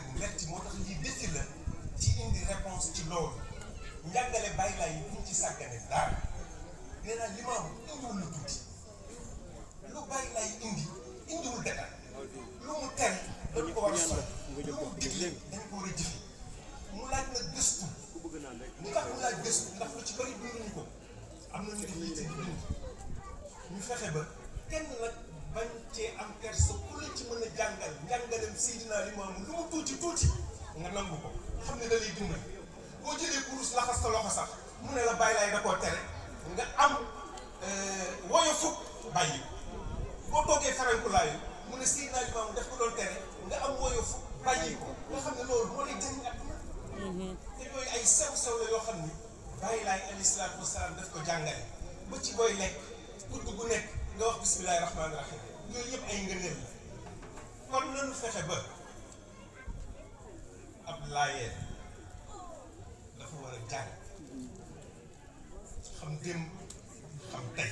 jàngale bu moo tax lii défi la ci indi réponse ci loolu njàngale bàyyi laay yi buñ ci sàggane daal nee naa limaam indiwul lu ko war a sori lu mu digle ko war a jëfe mu laaj na gëstu lu tax mu laaj gëstu ndax lu ci bëri dunduñu ko am na ñu def yitte di dund ñu fexe ba nga nangu ko xam ne da lay dimbali boo jëlee kurus laxas sa loxo sax mu ne la bàyyi laay da koo tere nga am euh, woyo fukk bàyyi boo toogee farankulaayu mu ne si naaj daf ko doon tere nga am woyo fukk ko nga xam ne loolu moo lay jëriñ ak mm-hmm. te yooyu ay sew sew la yoo xam ni bàyyi laay alayhi salaatu wasalaam daf ko jàngale ba ci booy lekk kudd gu nekk nga wax bismillaahi rahmaani rahiim yooyu yëpp ay ngëneel la kon nanu fexe ba laayeen dafa war a xam démb xam tey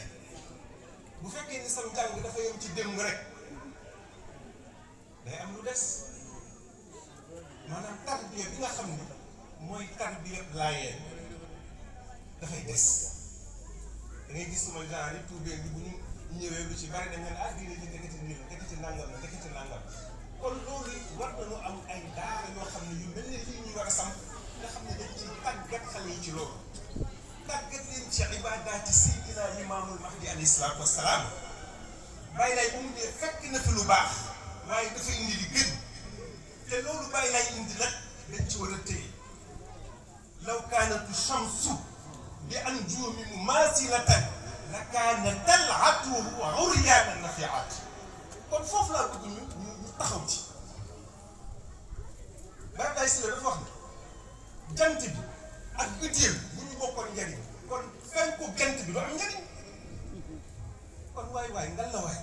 bu fekkee ni sam jàng dafa yem ci démb rek day am lu des maanaam tarbiya bi nga xam ne mooy tarbiya laayeen dafay des da ngay gis suma genre yi bi bu ñu lu ci bari dañ ah la nangam la nangam kon loolu war nañoo am ay daara yoo xam ne yu mel ne lii ñu war a samp nga xam ne dañ ciy tàggat xale yi ci loolu tàggat leen ci ibadaati sayyidina imaamul mahdi alayhi salaatu wasalaam bàyyi lay bu mu dee fekk na fi lu baax waaye dafa indi li gën te loolu bàyyi lay indi nag dañ ci war a téye law kaanatu shamsu bi an juumi mu maasi la tag la kaana tal'atu wa uryaana nafiaat kon foofu laa bëgg ñu ñu taxaw ci Baye Baye la dafa wax ne jant bi ak utile bu ñu bokkoon njariñ kon fenku jant bi du am njariñ kon waay waay ngal la waay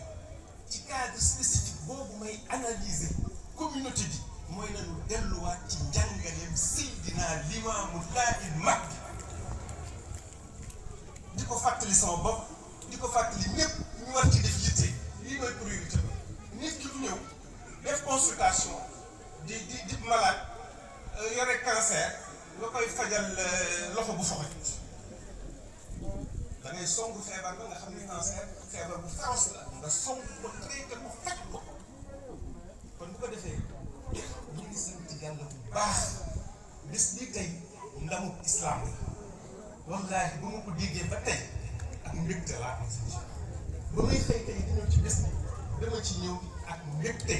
ci cadre spécifique boobu may analyser communauté bi mooy nañu delluwaat ci njàngaleem Seydina Limaamu Laay mag di ko fàttali sama bopp consultation di di di malade euh, yore cancer nga koy fajal euh, loxo bu foxet da ngay songu feebar ba nga xam ne cancer feebar bu féroce la nga songu ko traité ko faj ko kon bu ko defee ñu ngi ni tey ndamu islam la wallaahi ba ma ko déggee ba tey ak mbégte laa am ba muy xëy tey di ci bis ni dama ci ñëw. ak mbégte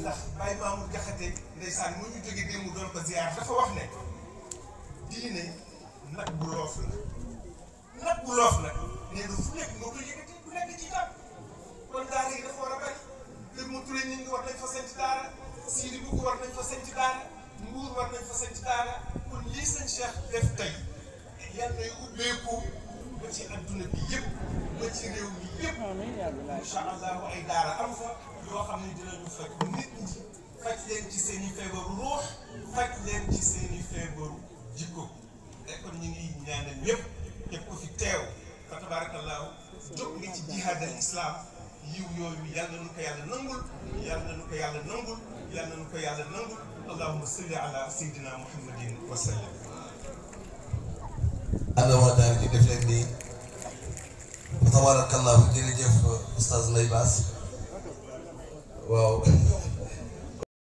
ndax Baye Mamour Diakhaté ndeysaan mu ñu jóge démb doon ko ziar dafa wax ne diine nag bu loof la nag bu loof la nee na fu nekk moo koy yëkkati ku nekk ci tam kon daara yi dafa war a bari kër mu turé nit ñi war nañ fa seen ci daara siiri bu ko war nañ fa seen ci daara mbuur war nañ fa seen ci daara kon lii seen Cheikh def tey yàlla nay ubbeeku ba ci adduna bi yëpp ci réew mi yëpp incha allahu ay daara am fa yoo xam ne dinañu faj nit ñi faj leen ci seen i feebaru ruux faj leen ci seen i feebaru jikko te kon ñu ngi ñaanal ñëpp képp ko fi teew fa tabarakallahu jóg nga ci jihaad al islam yiw yooyu yàlla na nu ko yàlla nangul yàlla na nu ko yàlla nangul yàlla na nu ko yàlla nangul allahumma salli ala sayyidina muhammadin wa sallam. ana waa daara ji def leen nii. tabarakallahu jërëjëf oustaz Mbaye Bass waaw